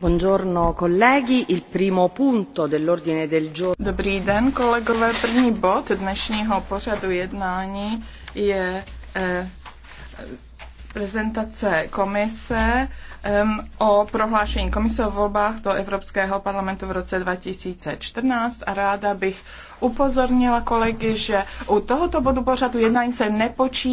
Dobrý den, kolegové. První bod dnešního pořadu jednání je eh, prezentace komise o prohlášení komise o volbách do Evropského parlamentu v roce 2014 a ráda bych upozornila kolegy, že u tohoto bodu pořadu jednání se nepočítá